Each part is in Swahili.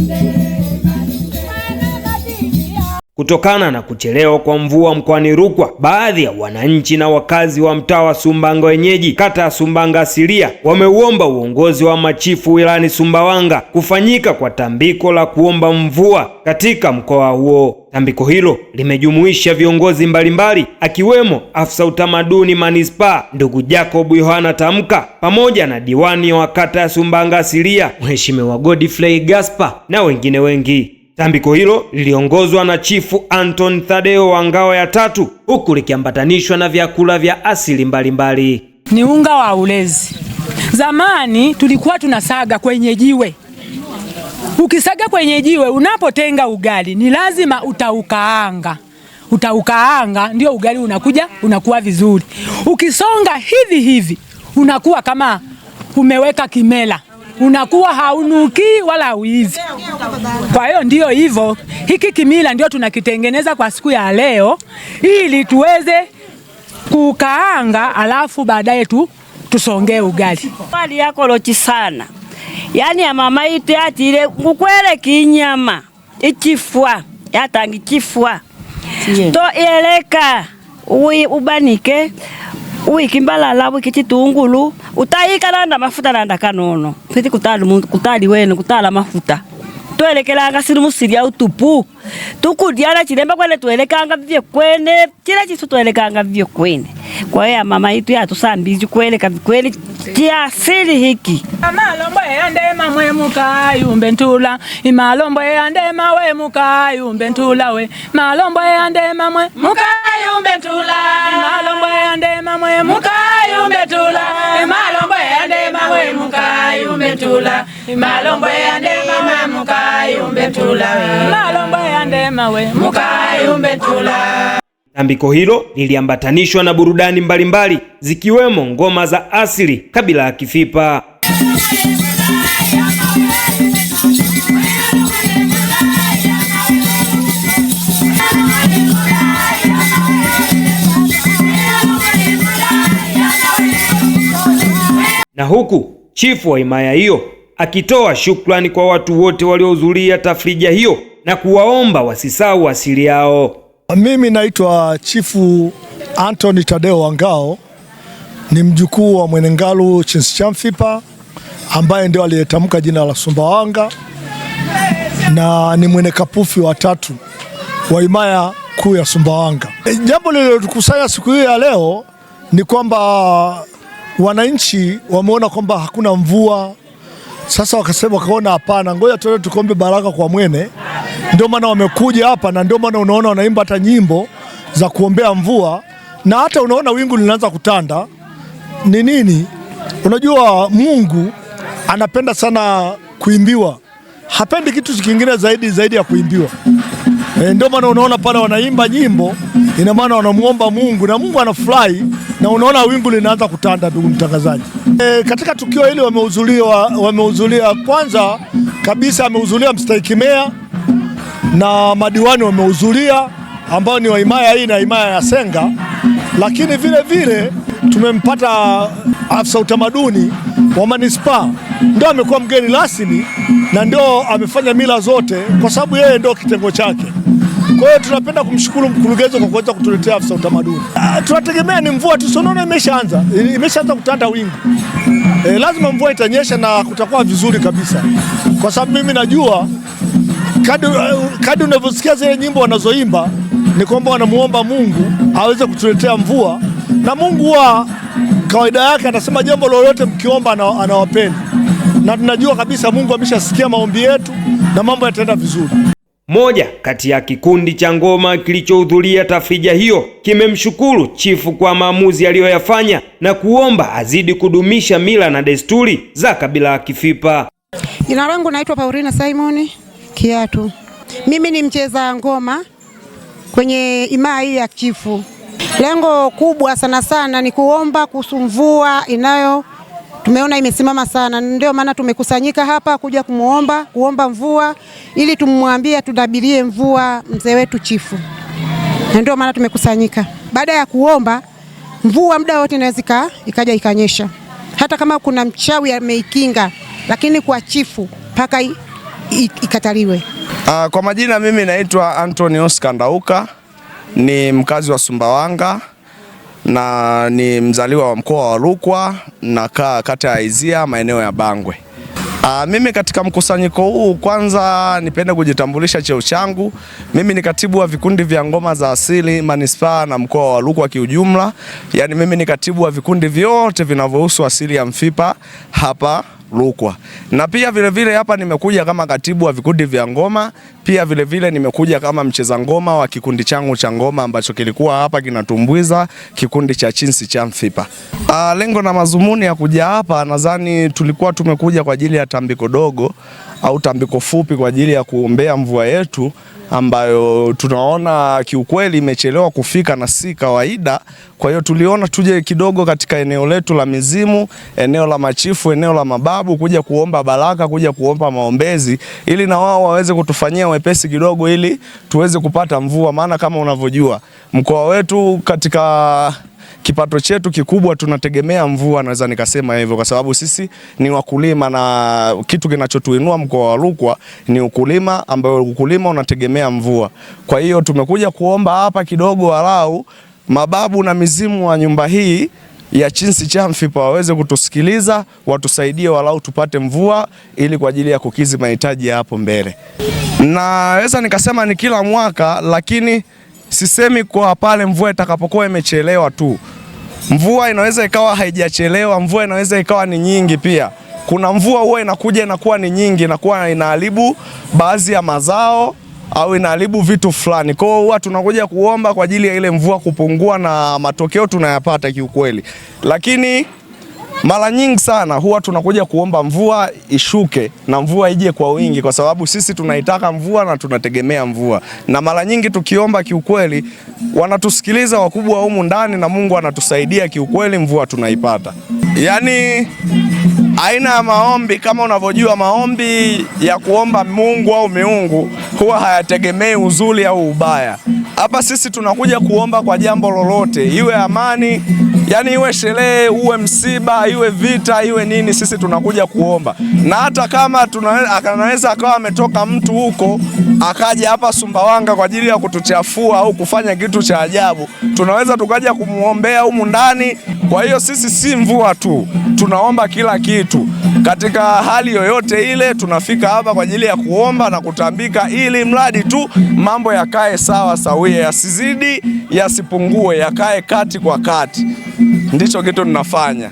there. Kutokana na kuchelewa kwa mvua mkoani Rukwa, baadhi ya wananchi na wakazi wa mtaa wa Sumbanga wenyeji kata ya Sumbanga asilia wameuomba uongozi wa machifu wilayani Sumbawanga kufanyika kwa tambiko la kuomba mvua katika mkoa huo. Tambiko hilo limejumuisha viongozi mbalimbali akiwemo afisa utamaduni manispaa ndugu Jacob Yohana Tamka pamoja na diwani wa kata ya sumbanga asilia Mheshimiwa Godfrey Gaspar na wengine wengi. Tambiko hilo liliongozwa na Chifu Anton Thadeo wa ngao ya tatu huku likiambatanishwa na vyakula vya asili mbalimbali mbali. Ni unga wa ulezi. Zamani tulikuwa tunasaga kwenye jiwe. Ukisaga kwenye jiwe, unapotenga ugali ni lazima utaukaanga utaukaanga ndio ugali unakuja unakuwa vizuri. Ukisonga hivi hivi unakuwa kama umeweka kimela unakuwa haunuki wala hauizi. Kwa hiyo ndiyo hivyo, hiki kimila ndio tunakitengeneza kwa siku ya leo ili tuweze kukaanga, alafu baadaye tu tusongee ugali. Mali yako lochi sana yani ya mama ite ati ile kinyama ichifwa yatangi chifwa to yeleka ubanike uiki mbalala wiki chitungulu utayika nanda mafuta nanda kanono piti kutali kutali wene kutala mafuta twelekelanga silimu silya utupu tukudiana chilemba kwene twelekanga vivye kwene chila chisu twelekanga vivye kwene kwa hiyo mama itu yatusambiji kueleka vikwene chiasili hiki amalombo eyandema mwemuka yumbe ntula imalombo eyandema wemuka yumbe ntula we malombo eyandema mwe muka ntula imalombo eyandema mwe muka ntula imalombo eyandema wemuka tula malombo ya ndema tula malombo ya ndema we tula. Tambiko hilo liliambatanishwa na burudani mbalimbali mbali, zikiwemo ngoma za asili kabila ya Kifipa. na huku chifu wa himaya hiyo akitoa shukrani kwa watu wote waliohudhuria tafrija hiyo na kuwaomba wasisahau asili yao. Mimi naitwa Chifu Anthony Tadeo Wangao, ni mjukuu wa Mwenengalu Chinschamfipa ambaye ndio aliyetamka jina la Sumbawanga na ni mwene kapufi wa tatu wa himaya kuu ya Sumbawanga. E, jambo lililotukusanya siku hii ya leo ni kwamba wananchi wameona kwamba hakuna mvua sasa, wakasema wakaona, hapana, ngoja tuende tukombe baraka kwa Mwene. Ndio maana wamekuja hapa na ndio maana unaona wanaimba hata nyimbo za kuombea mvua, na hata unaona wingu linaanza kutanda. Ni nini? Unajua, Mungu anapenda sana kuimbiwa, hapendi kitu kingine zaidi zaidi ya kuimbiwa. E, ndio maana unaona pale wanaimba nyimbo Ina maana wanamuomba Mungu na Mungu anafurahi, na unaona wingu linaanza kutanda, ndugu mtangazaji. E, katika tukio hili wamehudhuria wamehudhuria, kwanza kabisa amehudhuria mstahiki meya na madiwani wamehudhuria, ambao ni wa himaya hii na himaya ya Senga, lakini vile vile tumempata afisa utamaduni wa manispaa ndio amekuwa mgeni rasmi na ndio amefanya mila zote, kwa sababu yeye ndio kitengo chake. Kwa hiyo tunapenda kumshukuru mkurugenzi kwa kuweza kutuletea afisa utamaduni. Ah, tunategemea ni mvua tu, sonono imeshaanza imeshaanza kutanda wingu e, lazima mvua itanyesha na kutakuwa vizuri kabisa, kwa sababu mimi najua kadi kadi unavyosikia zile nyimbo wanazoimba ni kwamba wanamuomba Mungu aweze kutuletea mvua, na Mungu wa kawaida yake anasema jambo lolote mkiomba anawapenda, na tunajua kabisa Mungu ameshasikia maombi yetu na mambo yataenda vizuri. Moja kati ya kikundi cha ngoma kilichohudhuria tafrija hiyo kimemshukuru chifu kwa maamuzi aliyoyafanya na kuomba azidi kudumisha mila na desturi za kabila la Kifipa. Jina langu naitwa Paulina Simon Kiatu. Mimi ni mcheza ngoma kwenye imaa hii ya chifu. Lengo kubwa sana sana ni kuomba kuhusu mvua inayo tumeona imesimama sana, ndio maana tumekusanyika hapa kuja kumwomba kuomba mvua ili tumwambie tudabilie mvua mzee wetu chifu, na ndio maana tumekusanyika. Baada ya kuomba mvua, muda wote inaweza ikaja ikanyesha, hata kama kuna mchawi ameikinga, lakini kwa chifu mpaka ikataliwe. Uh, kwa majina mimi naitwa Anthony Oscar Ndauka, ni mkazi wa Sumbawanga na ni mzaliwa wa mkoa wa Rukwa, nakaa kata ya Izia, maeneo ya Bangwe. Aa, ah, mimi katika mkusanyiko huu kwanza nipende kujitambulisha cheo changu. Mimi ni katibu wa vikundi vya ngoma za asili manispaa na mkoa wa Rukwa kiujumla. Yaani mimi ni katibu wa vikundi vyote vinavyohusu asili ya Mfipa hapa Rukwa. Na pia vilevile vile hapa nimekuja kama katibu wa vikundi vya ngoma, pia vilevile vile nimekuja kama mcheza ngoma wa kikundi changu cha ngoma ambacho kilikuwa hapa kinatumbuiza kikundi cha Chinsi cha Mfipa. Aa, ah, lengo na mazumuni ya kuja hapa nadhani tulikuwa tumekuja kwa ajili ya tambiko dogo au tambiko fupi kwa ajili ya kuombea mvua yetu ambayo tunaona kiukweli imechelewa kufika na si kawaida. Kwa hiyo tuliona tuje kidogo katika eneo letu la mizimu, eneo la machifu, eneo la mababu, kuja kuomba baraka, kuja kuomba maombezi, ili na wao waweze kutufanyia wepesi kidogo, ili tuweze kupata mvua, maana kama unavyojua mkoa wetu katika kipato chetu kikubwa tunategemea mvua, naweza nikasema hivyo, kwa sababu sisi ni wakulima na kitu kinachotuinua mkoa wa Rukwa ni ukulima, ambayo ukulima unategemea mvua. Kwa hiyo tumekuja kuomba hapa kidogo, alau mababu na mizimu wa nyumba hii ya Chinsi Chamfipa waweze kutusikiliza, watusaidie walau tupate mvua ili kwa ajili ya kukizi mahitaji ya hapo mbele. Naweza nikasema ni kila mwaka lakini sisemi kwa pale mvua itakapokuwa imechelewa tu. Mvua inaweza ikawa haijachelewa, mvua inaweza ikawa ni nyingi pia. Kuna mvua huwa inakuja inakuwa ni nyingi, inakuwa inaharibu baadhi ya mazao au inaharibu vitu fulani. Kwa hiyo huwa tunakuja kuomba kwa ajili ya ile mvua kupungua na matokeo tunayapata kiukweli, lakini mara nyingi sana huwa tunakuja kuomba mvua ishuke na mvua ije kwa wingi, kwa sababu sisi tunaitaka mvua na tunategemea mvua. Na mara nyingi tukiomba, kiukweli wanatusikiliza wakubwa humu ndani, na Mungu anatusaidia kiukweli, mvua tunaipata. Yaani aina ya maombi kama unavyojua, maombi ya kuomba Mungu au miungu huwa hayategemei uzuri au ubaya. Hapa sisi tunakuja kuomba kwa jambo lolote, iwe amani, yani iwe sherehe, uwe msiba iwe vita iwe nini, sisi tunakuja kuomba. Na hata kama anaweza akawa ametoka mtu huko akaja hapa Sumbawanga kwa ajili ya kutuchafua au kufanya kitu cha ajabu, tunaweza tukaja kumwombea humu ndani. Kwa hiyo sisi si mvua tu, tunaomba kila kitu. Katika hali yoyote ile, tunafika hapa kwa ajili ya kuomba na kutambika, ili mradi tu mambo yakae sawa sawia, yasizidi, yasipungue, yakae kati kwa kati ndicho kitu ninafanya.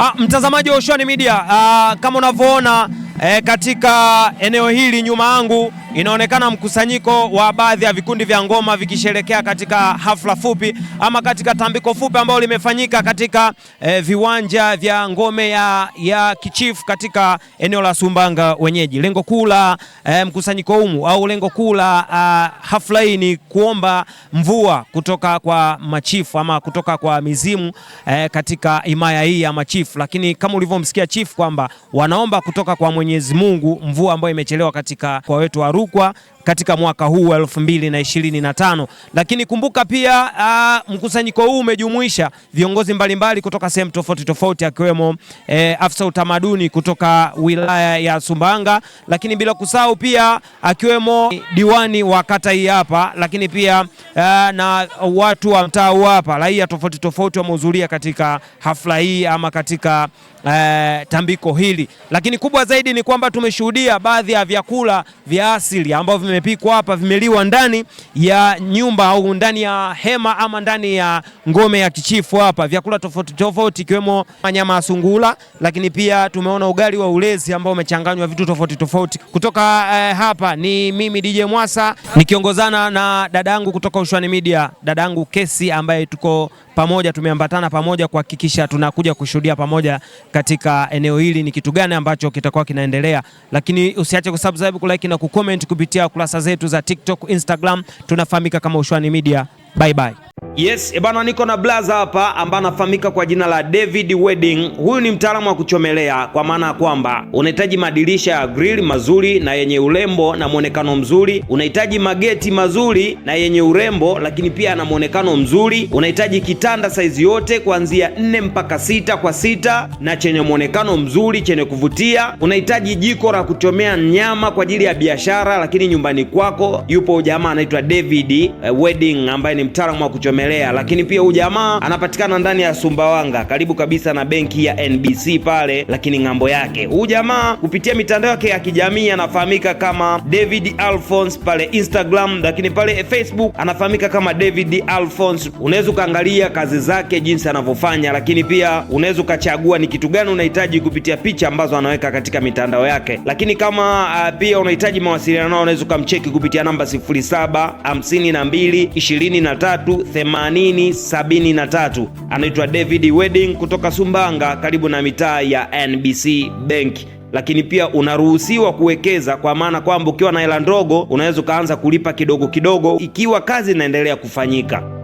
Ah, mtazamaji wa Ushuani Media, ah, kama unavyoona eh, katika eneo hili nyuma yangu Inaonekana mkusanyiko wa baadhi ya vikundi vya ngoma vikisherekea katika hafla fupi ama katika tambiko fupi ambao limefanyika katika eh, viwanja vya ngome ya, ya kichifu katika eneo la sumbanga wenyeji. Lengo kuu la eh, mkusanyiko humu au lengo kuu la uh, hafla hii ni kuomba mvua kutoka kwa machifu ama kutoka kwa mizimu eh, katika imaya hii ya machifu, lakini kama ulivyomsikia chifu kwamba wanaomba kutoka kwa Mwenyezi Mungu mvua ambayo imechelewa katika kwa wetu wa Rukwa katika mwaka huu wa 2025. Lakini kumbuka pia ah, mkusanyiko huu umejumuisha viongozi mbalimbali mbali kutoka sehemu tofauti tofauti akiwemo e, afisa utamaduni kutoka wilaya ya Sumbawanga, lakini bila kusahau pia akiwemo diwani wa kata hii hapa, lakini pia a, ah, na watu wa mtaa hapa, raia tofauti tofauti wamehudhuria katika hafla hii ama katika eh, tambiko hili, lakini kubwa zaidi ni kwamba tumeshuhudia baadhi ya vyakula vya asili ambavyo vimepikwa hapa, vimeliwa ndani ya nyumba au ndani ya hema ama ndani ya ngome ya kichifu hapa, vyakula tofauti tofauti ikiwemo nyama ya lakini pia tumeona ugali wa ulezi ambao umechanganywa vitu tofauti tofauti kutoka eh, hapa. Ni mimi DJ Mwasa nikiongozana na dadangu kutoka Ushuani Media, dadangu Kesi ambaye tuko pamoja, tumeambatana pamoja kuhakikisha tunakuja kushuhudia pamoja katika eneo hili ni kitu gani ambacho kitakuwa kinaendelea. Lakini usiache kusubscribe, kulike na kucomment kupitia kurasa zetu za TikTok, Instagram. Tunafahamika kama Ushuani Media. Bye bye. Yes, ebana, eh, niko na blaza hapa ambaye anafahamika kwa jina la David Wedding. Huyu ni mtaalamu wa kuchomelea, kwa maana ya kwamba unahitaji madirisha ya grill mazuri na yenye urembo na mwonekano mzuri, unahitaji mageti mazuri na yenye urembo, lakini pia na mwonekano mzuri. Unahitaji kitanda saizi yote kuanzia nne mpaka sita kwa sita na chenye mwonekano mzuri, chenye kuvutia. Unahitaji jiko la kuchomea nyama kwa ajili ya biashara, lakini nyumbani kwako. Yupo jamaa anaitwa David eh, Wedding ambaye ni mtaalamu wa kuchomelea Semelea, lakini pia huyu jamaa anapatikana ndani ya Sumbawanga karibu kabisa na benki ya NBC pale, lakini ng'ambo yake. Huyu jamaa kupitia mitandao yake ya kijamii anafahamika kama David Alphonse pale Instagram, lakini pale Facebook anafahamika kama David Alphonse. Unaweza ukaangalia kazi zake jinsi anavyofanya, lakini pia unaweza ukachagua ni kitu gani unahitaji kupitia picha ambazo anaweka katika mitandao yake. Lakini kama uh, pia unahitaji mawasiliano nao, unaweza ukamcheki kupitia namba 0752 23 8073 anaitwa David Wedding kutoka Sumbanga, karibu na mitaa ya NBC Bank lakini pia unaruhusiwa kuwekeza kwa maana kwamba ukiwa na hela ndogo unaweza ukaanza kulipa kidogo kidogo ikiwa kazi inaendelea kufanyika.